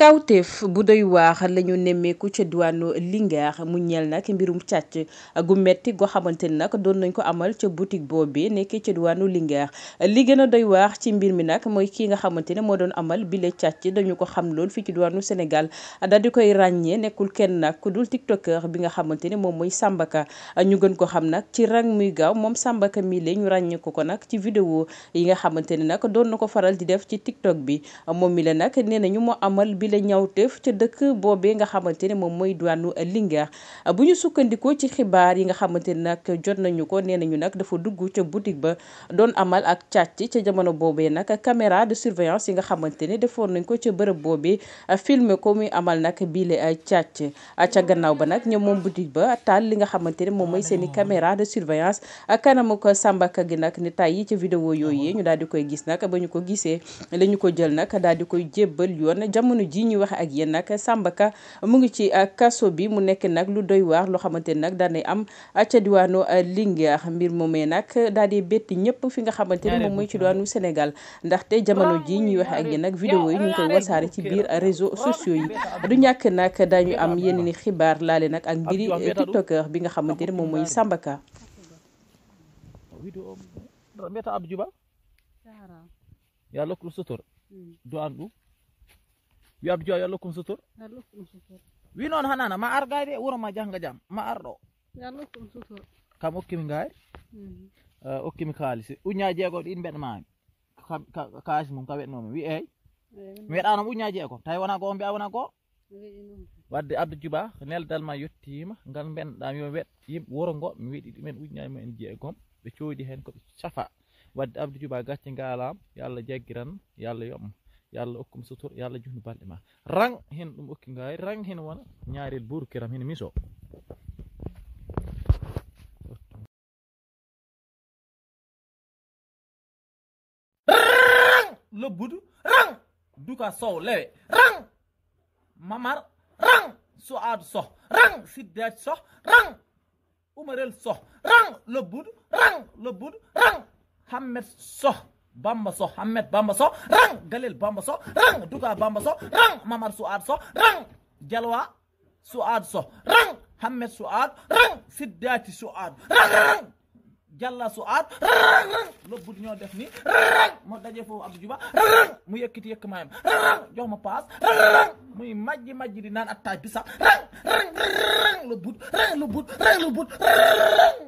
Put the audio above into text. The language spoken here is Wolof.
kawteef bu doy waax la ñu nemmeeku ca diwaanu Linguère mu ñeel nag mbirum càcc gu metti goo xamante ni nag doon nañ ko amal ca boutique boobee nekkee ca diwaanu Linguère li gën a waax ci mbir mi nag mooy kii nga xamante ne moo doon amal bile càcc dañu ko xam lool fii ci diwaanu Sénégal daal koy ràññee nekkul kenn nag ku dul tiktoker bi nga xamante ne moom mooy Sambaka ñu gën ko xam nag ci rang muy gaaw moom Sambaka mii la ñu ko nag ci vidéo yi nga xamante ne nag doon na ko faral di def ci tiktok bi moom mi la nag nee nañu moo amal bi la ñawteef ca dëkk boobee nga xamante ne moom mooy diwaanu Linguère bu ñu sukkandikoo ci xibaar yi nga xamante ne nag jot nañu ko nee ñu nag dafa dugg ca boutique ba doon amal ak càcc ca jamono boobee nag caméra de surveillance yi nga xamante ne defoon nañ ko ca bërëb boobee filmer ko muy amal nag biile euh, càcc ca gannaaw ba nag ñoom moom boutique ba taal li nga xamante ne moom mooy seeni i caméra de surveillance kanamu ko sàmbaka gi nag ni tay yi ca vidéo yooyu ñu daal di koy gis nag ba ñu ko gisee la ko jël nag daal di koy jébbal yoon jamono ji ji ñu wax ak yéen nag Samba Ka mu ngi ci kaso bi mu nekk nag lu doy waar loo xamante ni nag daanay am ca diwaanu Linguère mbir moomee nag daal di bétti ñëpp fi nga xamante ni moom mooy ci diwaanu Sénégal ndaxte jamono ji ñuy wax ak yéen nag vidéo yi ñu ngi koy wasaare ci biir réseaux sociaux yi du ñàkk nag dañu am yenn ni xibaar laale nag ak mbiri tiktoker bi nga xamante ni moom mooy Samba Ka wiyaɓe jowa yo allah kum sutor wi noon hanana ma ar wuro ma janga jaam ma ɗo kam okkimi gaari okkimi kaalisi mi weɗanoma uñaa jeegom tawi wona goo mbiya wona goo wadde abdou djuba neldal ma yettima ngal mbenɗam yomi weɗ yim wuro mi weɗi ɗumen uññaji jeegom ɓe coodi hen koɓe cafa wadde abdou djuba gacce ngaalam yo jaggiran yo allah yo allah hokkuma sutoro yo allah juhnu balɗe ma ran hen ɗum okki ngaari ran hen wona ñaarel buuru kiram hen miso ran lobbudu ran duka sow lewe ran mamar ran suadu soh ran siddaji soh ran umarel soh ran lobbudu ran lobbudu ran hammed soh bamba so hammed bamba so rang galel bamba so rang duga bamba so rang mamar suad so rang jalwa suad so rang hammed suad rang siddati suad rang rang jalla rang rang ñoo def ni rang moo daje foofu abdou rang mu yëkkiti yëkk maayam rang jox paas rang muy majji majji di naan attaaj bi rang rang rang rang lobbu rang